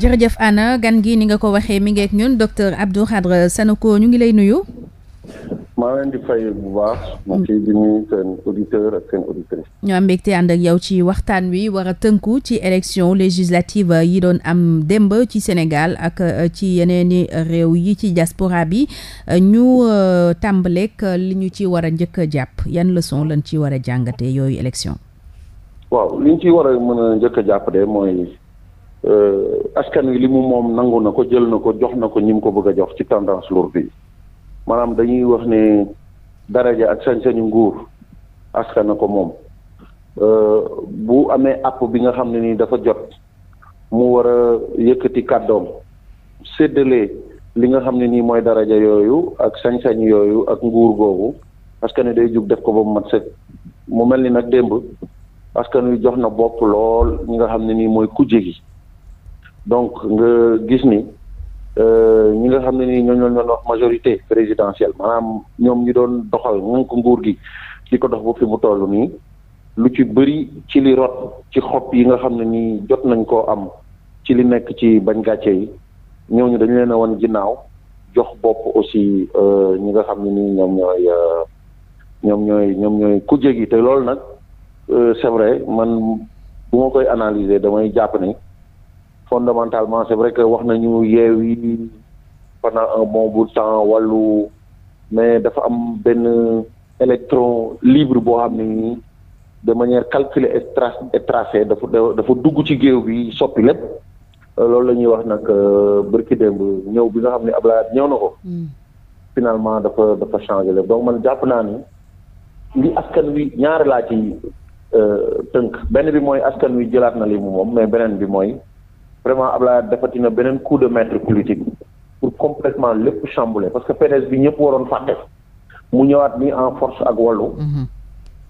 jërëjëf Anna gan gi ni nga ko waxee mi ngeek ñun docteur Abdou Khadre Sanoko ñu ngi lay nuyu. maa leen di fay bu baax. ma seen auditeur ak seen auditrice. ñu am mbégte ànd ak yow ci waxtaan wi war a tënku ci élection législative yi doon am démb ci Sénégal ak euh, ci yeneeni réew yi ci diaspora bi euh, ñu euh, tàmbaleek li ñu ci war a njëkk jàpp yan leçon lañ ci war a jàngatee yooyu élection. waaw li ñu ci war a mën jàpp de mooy Euh, askan wi li mu moom nangu na ko jël na ko jox na ko ñi mu ko bëgg a jox ci tendance lourde bi maanaam dañuy wax ne daraja ak sañ-sañu nguur askan na ko moom euh, bu amee àpp bi nga xam ne nii dafa jot mu war a yëkkati kàddoom séddalee li nga xam ne nii mooy daraja yooyu ak sañ-sañ yooyu ak nguur googu askan wi day jug def ko ba mu mat sëkk mu mel ni nag démb askan wi jox na bopp lool ñi nga xam ne nii mooy kujje gi donc nga gis ni euh, ñi nga xam ne ni ñoo ñoo wax majorité présidentielle maanaam ñoom ñi doon doxal moom ko nguur gi di ko dox ba fi mu toll nii lu ci bëri ci li rot ci xob yi nga xam ne nii jot nañ koo am ci li nekk ci bañ gàcce yi ñooñu dañu leen a wan ginnaaw jox bopp aussi euh, ñi nga xam ne nii ñoom ñooy euh, ñoom ñooy ñoom ñooy ku jéggi te loolu nag c'est vrai man bu ma koy analyser damay jàpp ni fondamentalement c'est vrai que wax nañu yeew yi pendant un bon bout de temps wàllu mais dafa am benn électron libre boo xam ne nii de manière calculée et tra dafa dafa dugg ci géew bi soppi lépp euh, loolu la ñuy wax nag euh, bërki démb ñëw bi nga xam ne Ablaye ñëw na ko hmm. finalement dafa dafa changé lépp donc man jàpp naa ni li askan wi ñaari laa ci euh, tënk benn bi mooy askan wi jëlaat na li mu moom mais beneen bi mooy vraiment Ablaye defati na beneen coup de maître politique pour complètement lépp chambouler parce que PDS bi ñëpp waroon fàtte mu ñëwaat nii en force ak wàllu mhm.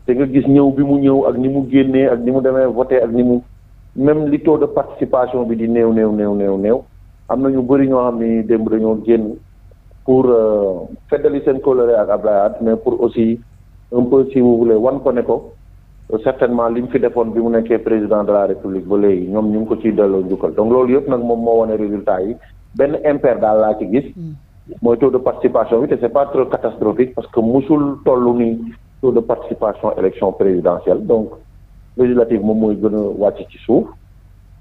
te nga gis ñëw bi mu ñëw ak ni mu génnee ak ni mu demee voté ak ni mu même li taux de participation bi di néew néew néew néew néew am na ñu bëri ñoo xam ni démb dañoo génn pour euh, feddali seen coloré ak Ablaye mais pour aussi un peu si vous wan ko ne ko certainement li mu fi defoon bi mu nekkee président de la république ba léegi ñoom ñu ngi ko ciy delloo njukkal donc loolu yëpp nag moom moo wane résultat yi benn impair daal laa ci gis hmm. mooy taux de participation bi te c'est pas trop catastrophique parce que musul tollu ni taux de participation élection présidentielle donc législative moom mooy gën a wàcc ci suuf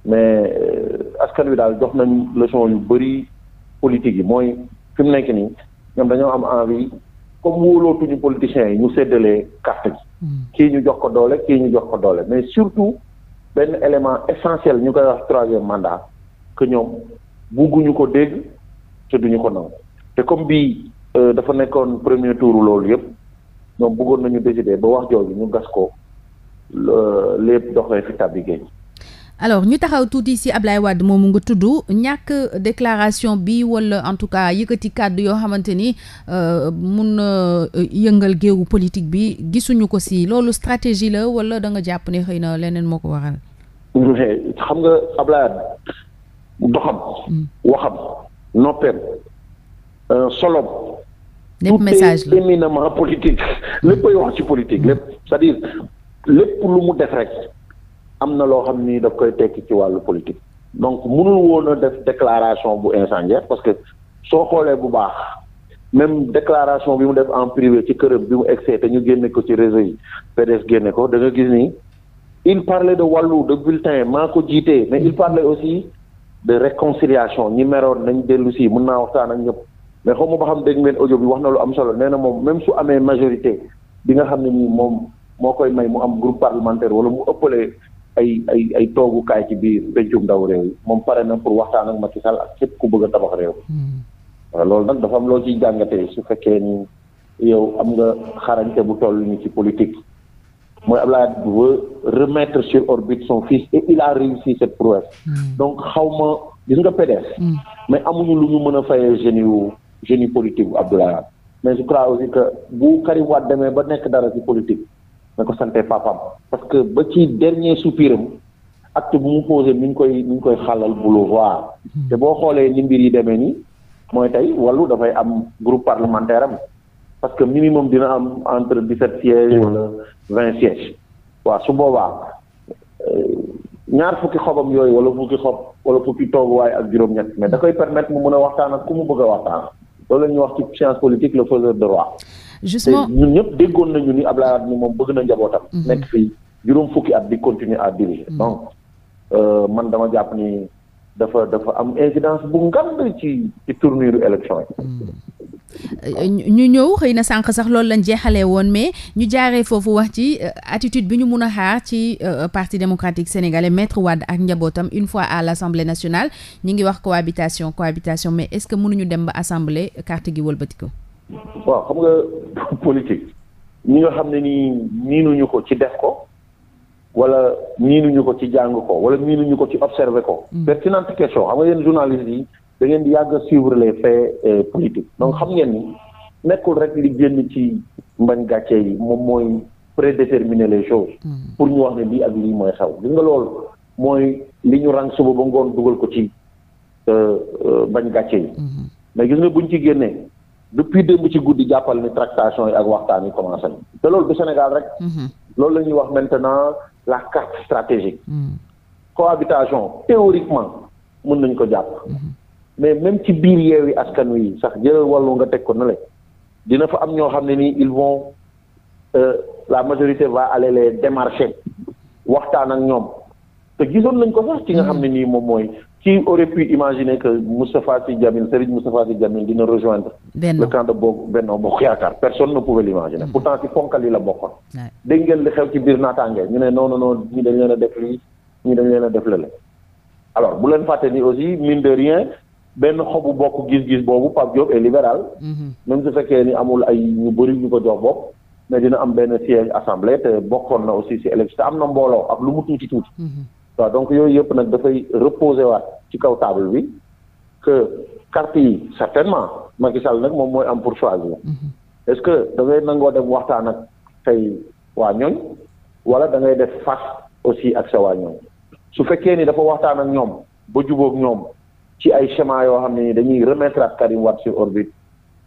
mais euh, askan wi daal jox nañ leçon yu bëri politique yi mooy fi mu nekk nii ñoom dañoo am envie comme wóolootuñu politiciens yi ñu séddalee carte gi kii ñu jox ko doole kii ñu jox ko doole mais surtout benn élément essentiel ñu koy wax troisième mandat que ñoom bugguñu ko dégg te duñu ko nangu te comme bii euh, dafa nekkoon premier tour loolu yëpp ñoom bëggoon nañu décider ba wax jooju ñu gas ko lépp doxee fi tàbbi géej alors ñu taxaw tuuti si Ablaye Wade moomu nga tudd ñàkk déclaration bi wala en tout cas yëkkati kàddu yoo xamante ni euh, mun na euh, yëngal géewu politique bi gisuñu ko si loolu stratégie la wala da nga jàpp ne xëy na leneen moo ko waral. xam nga Ablaye doxam. Hmm. waxam noppeem euh, solom. lépp message la tout lépp lu mu def rek. am na loo xam ni daf koy tekki ci wàllu politique donc mënul woon a def déclaration bu instanger parce que soo xoolee bu baax même déclaration bi mu def en privé ci këram bi mu egsee te ñu génne ko ci réseau yi PDS génne ko da nga gis ni il parlait de wàllu de bulletin maa ko jiitee mais il parlait aussi de réconciliation ñi meroon nañ dellu si mën naa waxtaan ak ñëpp mais xaw ma ba xam dégg ngeen audio bi wax na lu am solo nee na moom même su amee majorité bi nga xam ne nii moom moo koy may mu am groupe wala mu ëppalee ay ay ay toogukaay ci biir pencum ndaw réew yi moom pare na pour waxtaan ak Macky Sall ak képp ku bëgg a tabax réew. Hmm. loolu nag dafa am loo ciy jàngatee su fekkee ni yow am nga xarañte bu toll ni ci politique. mooy Abdoulaye veut remettre sur orbite son fils et il a réussi hmm. nga PDS. Hmm. mais amuñu lu ñu mën a fayee jeunes yu jeunes yu politique bu mais je crois aussi que bu Karim demee ba nekk dara ci politique. na ko santee papam parce que ba ci dernier soupiram acte bu mu posé mi ngi koy mi ngi koy xalal boulevard hmm. te boo xoolee ni mbir yi demee nii mooy tey wallu dafay am groupe parlementaire am parce que minimum dina am entre dix sept sièges hmm. wala vingt sièges waaw su boobaa euh, ñaar fukki xobam yooyu wala fukki xob wala fukki tooguwaay ak juróom-ñett mais da koy permettre mu mën a waxtaan ak ku mu bëgg a waxtaan loolu la ñuy wax ci science politique le faiseur de roi justement ñun ñëpp déggoon nañu ni Abdoulaye Wade ni moom bëgg na njabootam. Mhm. nekk fii juróom fukki at di continuer à diriger. Mhm. donc euh, man dama jàpp ni dafa dafa am incidence bu ngand ci ci élection yi. Mhm. Euh, ñu ñëw xëy na sànq sax loolu lañ jeexalee woon mais ñu jaaree foofu wax ci euh, attitude bi ñu mun a xaar ci parti démocratique sénégalais maître Wade ak njabootam une fois à l' assemblée nationale ñu ngi wax cohabitation cohabitation mais est ce que mënuñu dem ba assemblée carte gi wëlbati politique ñi nga xam ne nii miinuñu ko ci def ko wala miinuñu ko ci jàng ko wala ñu ko ci observer ko. Hmm. pertinente question xam nga yéen journaliste yi da ngeen di yàgg a suivre les faits euh, politiques hmm. donc xam ngeen ni nekkul rek li génn ci mbañ gàcce yi moom mooy prédéterminer les choses. Hmm. pour ñu wax ne lii ak lii mooy xew. gis nga loolu mooy li ñu rang suba ba ngoon dugal ko ci euh, euh, bañ gàcce yi. mais gis nga buñ ci génnee. depuis démb ci guddi jàppal ni tractation yi ak waxtaan yi commencé na te loolu du Sénégal rek. Mhm. loolu la ñuy wax maintenant la carte stratégique. Mhm. cohabitation théoriquement mën nañ ko jàpp. Mhm. mais même ci biir yeewi askan wi sax jëlal wàllu nga teg ko ne le dina fa am ñoo xam ne nii ils vont euh, la majorité va aller les waxtaan ak ñoom te gisoon nañ ko sax ci nga xam ne nii moom mooy qui aurait pu imaginer que Moustapha Sy Djamil Serigne Moustapha Sy Djamil dina rejoindre le camp de bokk Benno Bokk Yaakaar personne ne pouvait l'imaginer mm. pourtant ci fonkal yi la bokkoon dégg ngeen li xew ci biir naataange ñu ne non non non ñi dañ leen a def lii ñi dañ leen a def lële alors bu leen fàtte ni aussi mine de rien benn xobu bokk gis-gis boobu Pape Diop est libéral mm-hmm. même su fekkee ni amul ay ñu bëri ñu ko jox bopp mais dina am benn siège assemblée te bokkoon na aussi si élection te am na mbooloo ak lu mu tuuti tuuti mm-hmm. waaw donc yooyu yëpp nag dafay reposer waat ci kaw table bi que carte yi certainement Macky Sall nag moom mooy am pour choisir mm-hmm. est ce que da nangoo dem waxtaan ak tey waa ñooñ wala da def face aussi ak sa waa ñooñ su fekkee ni dafa waxtaan ak ñoom ba jubóog ñoom ci ay schéma yoo xam ne dañuy remettre ak Karim Wade sur orbite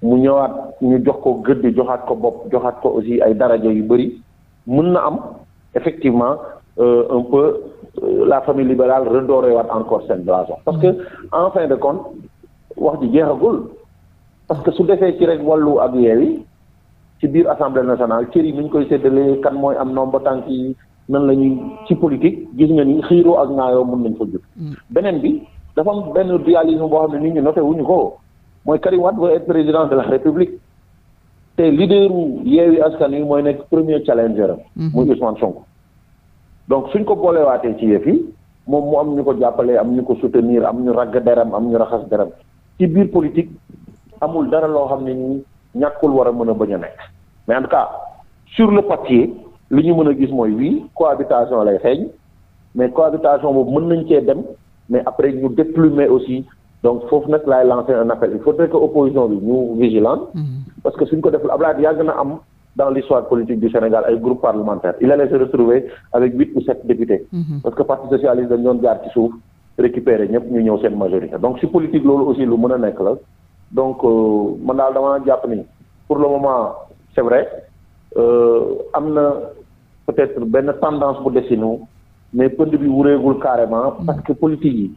mu ñëwaat ñu jox ko gëdd joxaat ko bopp joxaat ko aussi ay daraja yu bëri mun na am effectivement euh, un peu la famille libérale redoré waat encore seen blason parce que en fin de compte wax ji jeexagul parce que su defee ci rek wàllu ak yeewi ci biir assemblée nationale cër yi nu ñu koy séddalee kan mooy am nombre tànk yi nan la ñuy ci politique gis nga ni xiiroo ak ñaayoo mun nañ fa jur. Mm. beneen bi dafa am benn dualisme boo xam ne nit ñi noté wuñu ko mooy Karim Wade va être président de la République te leaderu yeewi askan wi mooy nekk premier challenger am. Mm-hmm. muy Ousmane donc suñ ko boolewaatee ci yëf yi moom mu am ñu ko jàppalee am ñu ko soutenir am ñu ragg deram am ñu raxas deram ci biir politique amul dara loo xam ne ñi ñàkkul war a mën a bañ a nekk mais en tout cas sur le papier li ñu mën a gis mooy wii cohabitation lay xeeñ mais cohabitation boobu mën nañ cee dem mais après ñu déplumer aussi donc foofu nag laay lancer un appel il faudrait que opposition bi ñu vigilante mm-hmm. parce que suñ ko def Abdoulaye yàgg na am dans l'histoire politique du Sénégal ay groupe parlementaire il allait se retrouver avec huit ou sept députés mhm. parce que parti socialiste dañ doon jaar ci suuf récupérer ñëpp ñu ñëw seen majorité donc si politique loolu aussi lu mën a nekk la donc euh, man daal dama jàpp ni pour le moment c'est vrai euh, am na peut-être benn tendance bu desinu mais pënd bi wureegul carrément mhm. parce que politique yi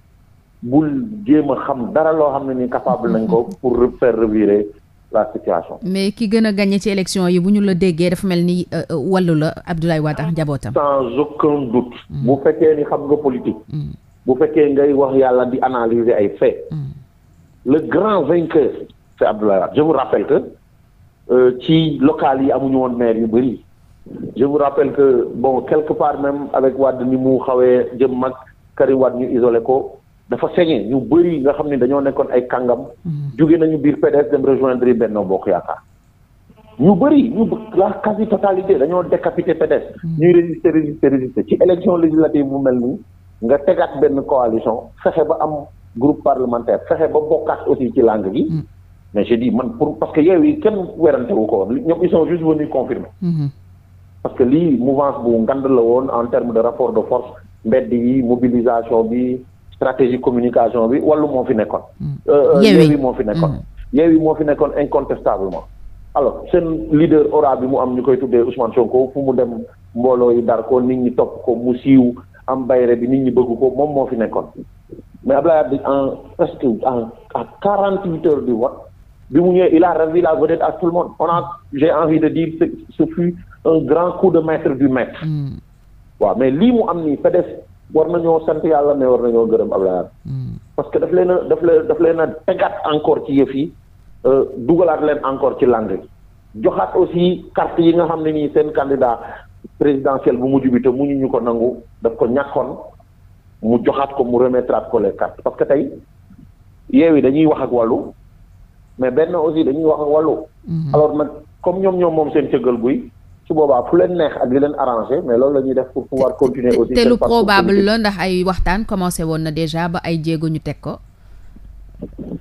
bul jéem a xam dara loo xam ne ni capable nañ ko mhm. pour faire revirer la situation. mais ki gën a gagné ci élection yi bu ñu la déggee dafa mel ni euh, euh, wàllu la Abdoulaye Wade ak njabootam. sans aucun doute. Mm. bu fekkee ni xam nga politique. Mm. bu fekkee ngay wax yàlla di analyser ay faits. Mm. le grand vainqueur. c'est Abdoulaye Wade je vous rappelle que euh, ci local yi amuñu woon maire yu bëri. je vous rappelle que bon quelque part même avec Wade ni mu xawee jëm mag Karim Wade ñu isolé ko. dafa sañee ñu bëri nga xam ne dañoo nekkoon ay kàngam. Mm-hmm. jóge nañu biir PDS dem rejoindre Benno Bokk Yaakaar. ñu bëri ñu la quasi totalité dañoo décapité PDS. Mm-hmm. ñuy résister résister résister ci élection législative bu mel nii nga tegaat benn coalition fexe ba am groupe parlementaire fexe ba bokkaat aussi ci langue gi. Mm-hmm. mais je dis man pour parce que Yewwi kenn werante wu ko woon ñoom ils sont juste venus parce que lii mouvance bu ngand la woon en terme de rapport de force mbedd yi mobilisation bi. stratégie communication bi wàllu moo fi nekkoon. Mm. Euh, euh, yeewi moo fi nekkoon. Mm. yeewi moo fi nekkoon incontestablement. alors sen leader oral bi mu am ñu koy tuddee Ousmane Sonko fu mu dem mbooloo yi dar ko nit ñi topp ko mu siiw am bayre bi nit ñi bëgg ko moom moo fi nekkoon. mais Abdoulaye Wade en presque en à quarante huit heures du vote bi mu ñëwee il a ravi la vedette à tout le monde on a j'ai envie de dire ce ce un grand coup de maître du maître. Mm. wa mais li mu am nii PDS war nañoo sant yàlla mais war nañoo gërëm laa hmm. parce que daf leen a daf leen daf leen a tegaat encore ci yëf yi euh, dugalaat leen encore ci làng joxaat aussi carte yi nga xam ne nii seen candidat présidentiel bu mujj bi te muñu ñu ko nangu daf ko ñàkkoon mu joxaat ko mu remettraat ko les cartes parce que tey yeewi dañuy wax ak wallu mais benn aussi dañuy wax ak wàllu hmm. alors nag comme ñoom ñoom moom seen cëggal guy su boobaa fu leen neex ak di leen arrangé mais loolu la ñuy def pour pouvoir continuer aussi te lu probable ndax ay waxtaan commencé woon na déjà ba ay jéego ñu teg ko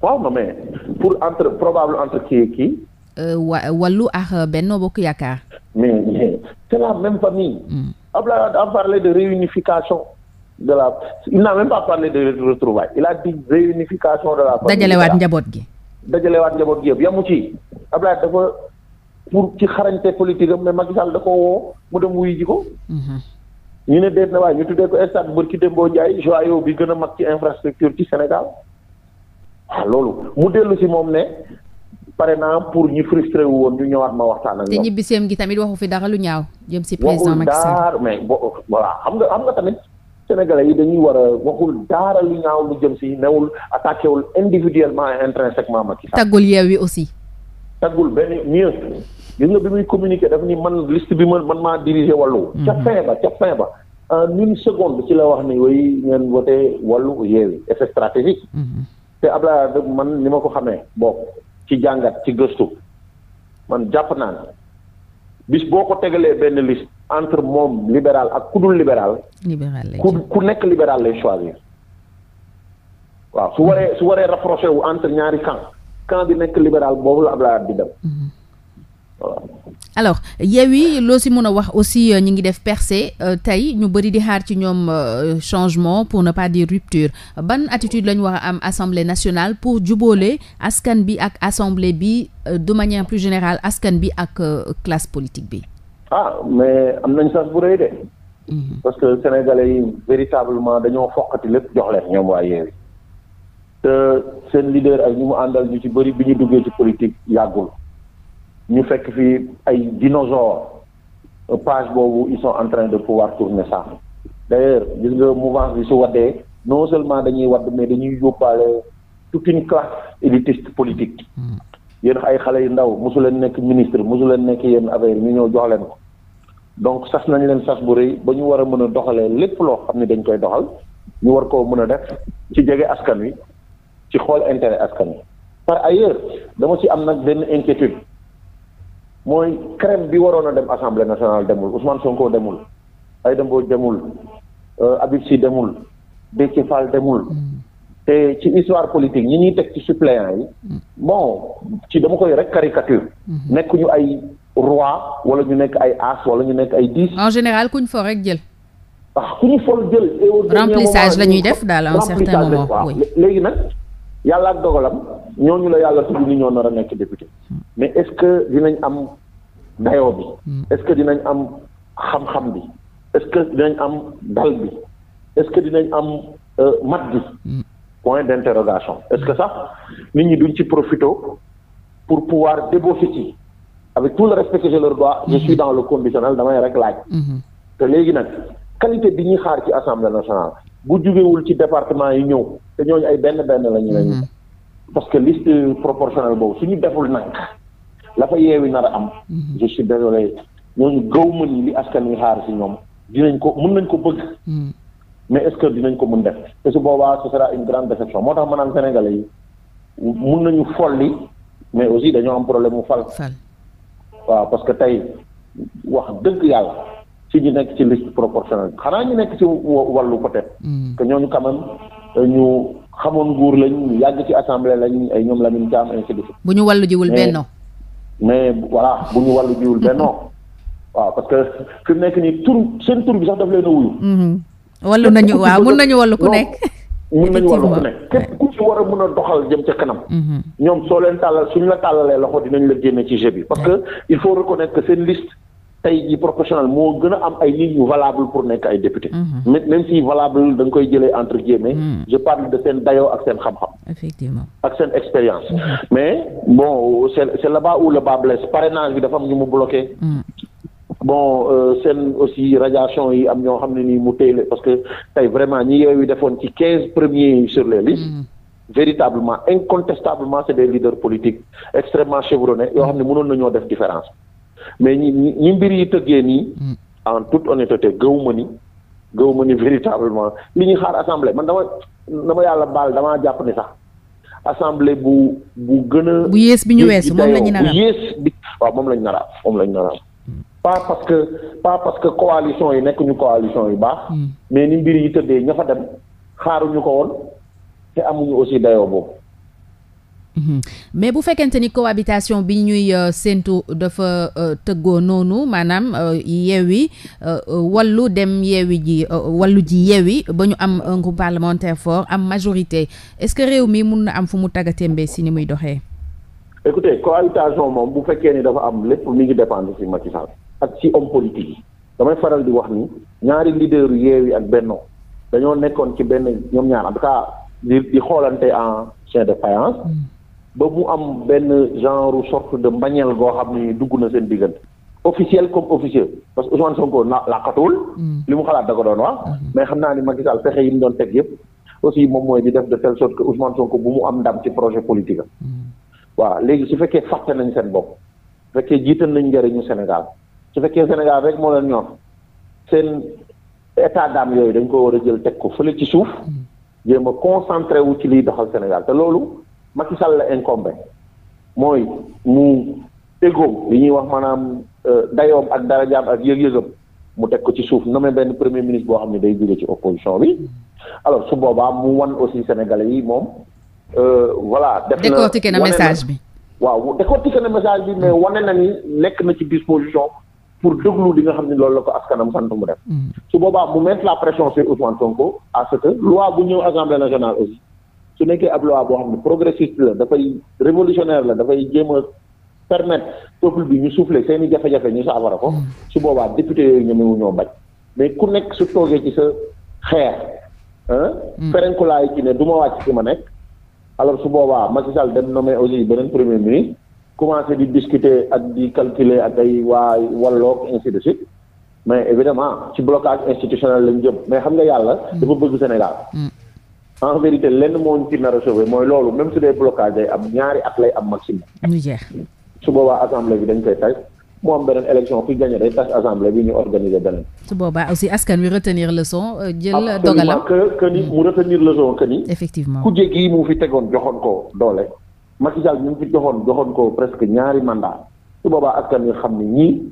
waaw non mais pour entre probable entre kii kii euh, wa wàllu ak benn Bokk Yaakaar mais c'est la même famille hmm. de réunification de la il n'a même pas parlé de réunification de la famille dajalewaat njaboot gi dajalewaat njaboot gi yëpp yamu ci Abdoulaye dafa pour ci xarañte politique am mais Macky Sall da ko woo mu dem wuyu ji ko. Mhm. ñu ne déet na waaye ñu tuddee ko stade ki Dembo Ndiaye joyau bi gën a mag ci infrastructure ci Sénégal ah loolu mu dellu si moom ne pare naa pour ñu frustré wu woon ñu ñëwaat ma waxtaan ak ñoom. te ñibbiseem gi tamit waxu fi dara lu ñaaw. jëm si président Macky Sall waxul daar bo voilà xam nga xam nga tamit sénégalais yi dañuy war a waxul daara lu ñaaw lu jëm si newul attaqué wul individuellement et intrinsèquement Macky Sall. taggul yeew wi aussi. taggul benn mieux gis nga bi muy communiqué daf ni man liste bi man man maa dirigé wàllu mhm. ca fin ba ca fin ba a une seconde ci la wax ni woy ngeen voté wàllu yeewi effet stratégique mhm. te Abdoulaye Wade man ni ma ko xamee bokk ci jàngat ci gëstu man jàpp naa ne bis boo ko tegalee benn liste entre moom libéral ak ku dul libéral ku ku nekk libéral lay choisir waaw su waree su waree rapproché wu entre ñaari camp camp bi nekk libéral boobu la Abdoulaye Wade di dem. voilà. alors yi loo si mën a wax aussi euh, ñi ngi def percée euh, tey ñu bëri di xaar ci ñoom euh, changement pour ne pas dire rupture ban attitude la ñu war am assemblée nationale pour jubóole askan bi ak assemblée bi de manière plus générale askan bi ak classe politique bi. ah mais am nañu chance bu rëy de. Mhm. parce que sénégalais yi véritablement dañoo foqati lépp jox ñoom waa Yewwi seen leader ak ñi mu àndal ñu ci bëri bi ñu duggee ci politique yàggul ñu fekk fi ay dinosaures page boobu ils sont en train de pouvoir tourner ça d'ailleurs gis nga mouvance bi su waddee non seulement dañuy wadd mais dañuy yóbbaale toute une classe élitiste politique yéen ay xale yu ndaw mosu leen nekk ministre mosu leen nekk yenn affaire ñu ñëw jox leen ko donc sas nañ leen sas bu rëy ba ñu war a mën a doxalee lépp loo xam ne dañ koy doxal ñu war koo mën a def ci jege askan wi ci xool intérêt askan wi par ailleurs dama ci am nag benn inquiétude mooy crème bi waroon a dem assemblée nationale demul Ousmane Sonko demul Aïda Mbodj demul euh, Habib demul Déthié Fall demul mm. te ci histoire politique ñi ñuy teg ci suppléants yi mm. bon ci dama koy rek caricature mm-hmm. nekk ñu ay roi wala ñu nekk ay as wala ñu nekk ay dix en général kuñ fo rek jël waaw ah, ku ñu fool jël remplissage la ñuy def daal à certain moment léegi nag yàlla ak dogalam ñooñu la yàlla tudd ni ñoo nar a nekk député mais est-ce que dinañ am dayoo bi hmm. est-ce que dinañ am xam-xam bi est-ce que dinañ am dal bi est-ce que dinañ am euh, mat bi hmm. point d'interrogation est-ce que sax nit ñi duñ ci profito pour pouvoir débaucher ci avec tout le respect que je leur dois je suis hmm. dans le conditionnel damay rek laaj te léegi nag qualité bi ñuy xaar ci assemblée nationale bu jugewul ci département yi ñëw te ñooñu ay benn benn lañu lañu mm-hmm. parce que liste proportionnelle boobu su ñu deful nag lafa fa yeewi nar am mm-hmm. je suis désolé ñooñu gaw ma ni li askan wi xaar si ñoom dinañ ko mën nañ ko bëgg mm-hmm. mais est-ce que dinañ ko mun def te su boobaa ce sera une grande déception moo tax ma naan sénégalais yi mën nañu folli mais aussi dañoo am problème mu fal waaw parce que tey wax dëgg yàlla ci ñu nekk ci liste proportionnelle xanaa ñu nekk ci wàllu peut-être que ñooñu quand ñu xamoon nguur lañ ñu yàgg ci assemblée lañ ay ñoom Lamine Thiam ainsi de suite. bu ñu wàllu jiwul benno mais voilà bu ñu wàllu jiwul benno waaw parce que fi mu nekk nii tur seen tur bi sax daf leen a wuyu. Mm-hmm. wallu nañu waaw mun nañu wallu ku nekk. mun nañu wallu ku nekk képp ku ci war a mun a doxal jëm ca kanam. Mm-hmm. ñoom soo leen tàllal suñ la tàllalee loxo dinañ la génne ci jeu parce que il faut reconnaître que seen liste. tey ji professionnel moo gën a am ay nit ñu valable pour nekk ay député mhm. même si valable da koy jëlee entre guillemets mhm. je parle de seen dayoo ak seen xam-xam effectivement ak seen expérience mhm. mais bon c'est c'est ba bas où le bas blesse bi dafa am ñu mu bloqué bon euh, seen aussi radiation yi am ñoo xam ne nii mu téyle parce que tey vraiment ñi yooyu defoon ci quinze premiers sur les listes mm. véritablement incontestablement c'est des leaders politiques extrêmement yoo xam ne mënoon nañoo def différence mais ñi ñi mbir yi tëggee nii. Hmm. en tout honnêteté gëw ma ni. gëw ma ni véritablement li ñuy xaar assemblée man dama dama yàlla baal damaa jàpp ni sax assemblée bu bu gën a. bu yées bi ñu weesu moom la ñu nar bu yées bi waaw moom la ñu nar a moom la ñu nar a pas parce que pas parce que coalition yi nekkuñu ñu coalition yu baax. Hmm. mais ni mbir yi tëddee ña fa dem xaaruñu ko woon te amuñu aussi dayoo boobu. Mhm. mais bu fekkente ni cohabitation bi ñuy euh, séentu dafa euh, tëggoo noonu maanaam euh, yeewi wallu dem yeewi ji wallu ji yeewi ba ñu am un groupe parlementaire fort am majorité est-ce que réew mi mun na am fu mu taggatémbe si ni muy doxee écoutez cohabitation moom bu fekkee ni dafa am lépp mi ngi dépendre si Macky Sall ak si homme politique yi damay faral di wax ni ñaari leader yu yeewi ak Benno dañoo nekkoon ci benn ñoom ñaar en tout cas di xoolante en chien de faïence mm. ba mu am benn genre sorte de mbañeel goo xam ne dugg na seen diggante officiel comme officiel parce que Ousmane Sonko la làqatuwul mm. li mu xalaat da ko doon wax mm-hmm. mais xam naa ni Macky Sall pexe yi mu doon teg yëpp aussi moom mooy di def de sort sorte que Ousmane ko bu mu am ndam ci projet politique am mm-hmm. léegi su fekkee fàtte nañ seen bopp su fekkee jiital nañ njëriñu Sénégal su fekkee Sénégal rek moo leen ñor seen état d'âme yooyu dañ ko war a jël teg ko fële ci suuf mm-hmm. jéem a concentré wu ci liy doxal Sénégal te loolu ma Sall la incombé mooy mu égoom li ñuy wax maanaam euh, dayoom ak darajaam ak yëg-yëgam mu teg ko ci suuf nommé benn premier ministre boo xam ne day jóge ci opposition bi alors su boobaa mu wan aussi sénégalais yi moom euh, voilà def na décortiqué na message bi waaw décortiqué na message bi mais wane na ni nekk na ci disposition pour déglu li nga xam ne loolu la ko askanam sant mu def mm. su boobaa mu mettre la pression sur Ousmane Sonko à loi bu ñëw assemblée su nekkee ab boo xam ne progressiste la dafay révolutionnaire la dafay jéem a permettre peuple bi ñu souffler seen i jafe-jafe ñu saafara ko hmm. su boobaa député yooyu ñoom ñoo bañ mais ku nekk su toogee ci sa xeer hmm. ferenkulaay ci ne du ma wàcc ci ma nekk alors su boobaa Macky Sall dem nommé aussi beneen premier ministre commencé di discuter ak di calculer ak ay waa walloog ainsi de suite mais évidemment ci blocage institutionnel lañ jëm mais xam nga yàlla hmm. dafa bëgg Sénégal en vérité lenn moo ñu ci nar a mooy loolu même su dee blocage day am ñaari at lay am maximum. ñu jeex su boobaa assemblée bi dañ koy taj mu am beneen élection ku gagné day tas assemblée bi ñu organiser beneen. su boobaa aussi askan wi retenir leçon. Euh, jël dogalam que que ni mu retenir leçon que ni. effectivement ku jéggi mu fi tegoon joxoon ko doole. Macky Sall ñu fi joxoon joxoon ko presque ñaari mandaa su boobaa askan wi xam ne ñii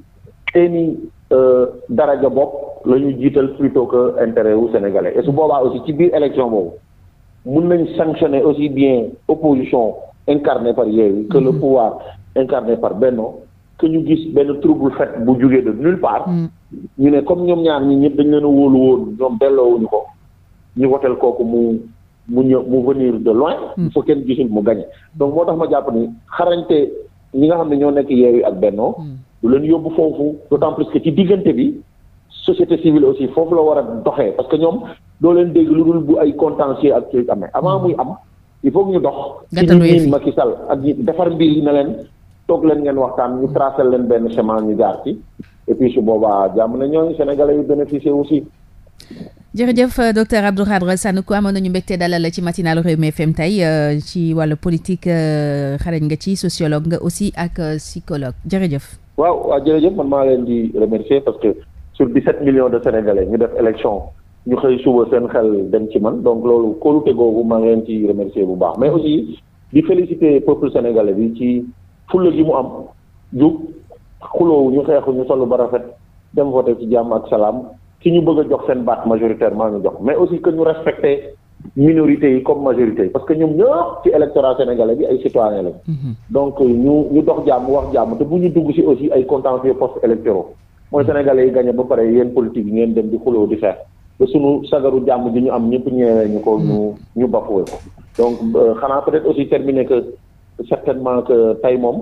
seeni euh, daraja bopp la ñuy jiital plutôt que intérêt wu sénégalais et su boobaa aussi ci biir élection boobu. mun nañ sanctionner aussi bien opposition incarnée par Yewwi que le mm-hmm. pouvoir incarné par Benno que ñu gis benn trouble fait bu jugee de nulle part mm-hmm. ñu ne comme ñoom ñaar ñi ñëpp dañ leen a wóolu woon ñoom delloowuñu ko ñu woteel kooku mu mu ñëw mu venir de loin mm-hmm. fa kenn gisul mu gañe donc moo tax ma jàpp ni xarañte ñi nga xam ne ñoo nekk Yewwi ak Benno du leen yóbbu foofu d'autant plus que ci diggante bi société civile aussi foofu la war a doxee parce que ñoom doo leen dégg lu dul bu ay contentieux ak suy amee avant muy am il faut ñu dox. gàttandu yëf si Macky Sall ak defar mbir yi leen toog leen ngeen waxtaan ñu tracé leen benn chemin ñu jaar ci et puis su boobaa jàmm na ñooñu sénégalais yu bénéficier aussi. jërëjëf euh, docteur Abdou Khadre Sanoko amoon nañu mbégte dalal ci matinalu Rewmi FM tey euh, ci wàllu politique euh, xarañ nga ci sociologue nga aussi ak psychologue jërëjëf. waaw waaw jërëjëf man maa leen di remercier parce que sur 17 millions de sénégalais ñu def élection. ñu xëy suba seen xel dem ci man donc loolu kóolute googu maa ngeen leen ci remercier bu baax mais aussi di féliciter peuple sénégalais bi ci fulla gi mu am jug xuloowu ñu xeexu ñu solu ba rafet dem voté ci jàmm ak salaam ci ñu bëgg a jox seen baat majoritairement ñu jox mais aussi que ñu respecté minorité yi comme majorité parce que ñoom ñëpp ci électorat sénégalais bi ay citoyen lañ mm-hmm. donc ñu ñu dox jàmm wax jàmm te bu ñu dugg si aussi ay contentieux post électoraux mooy sénégalais yi gagné ba pare yéen politique yi ngeen dem di xuloo di ba sunu sagaru jàmm ji ñu am ñëpp ñeewee ñu ko mm. ñu ñu bafoué ko donc euh, xanaa peut-être aussi terminer que certainement que tey moom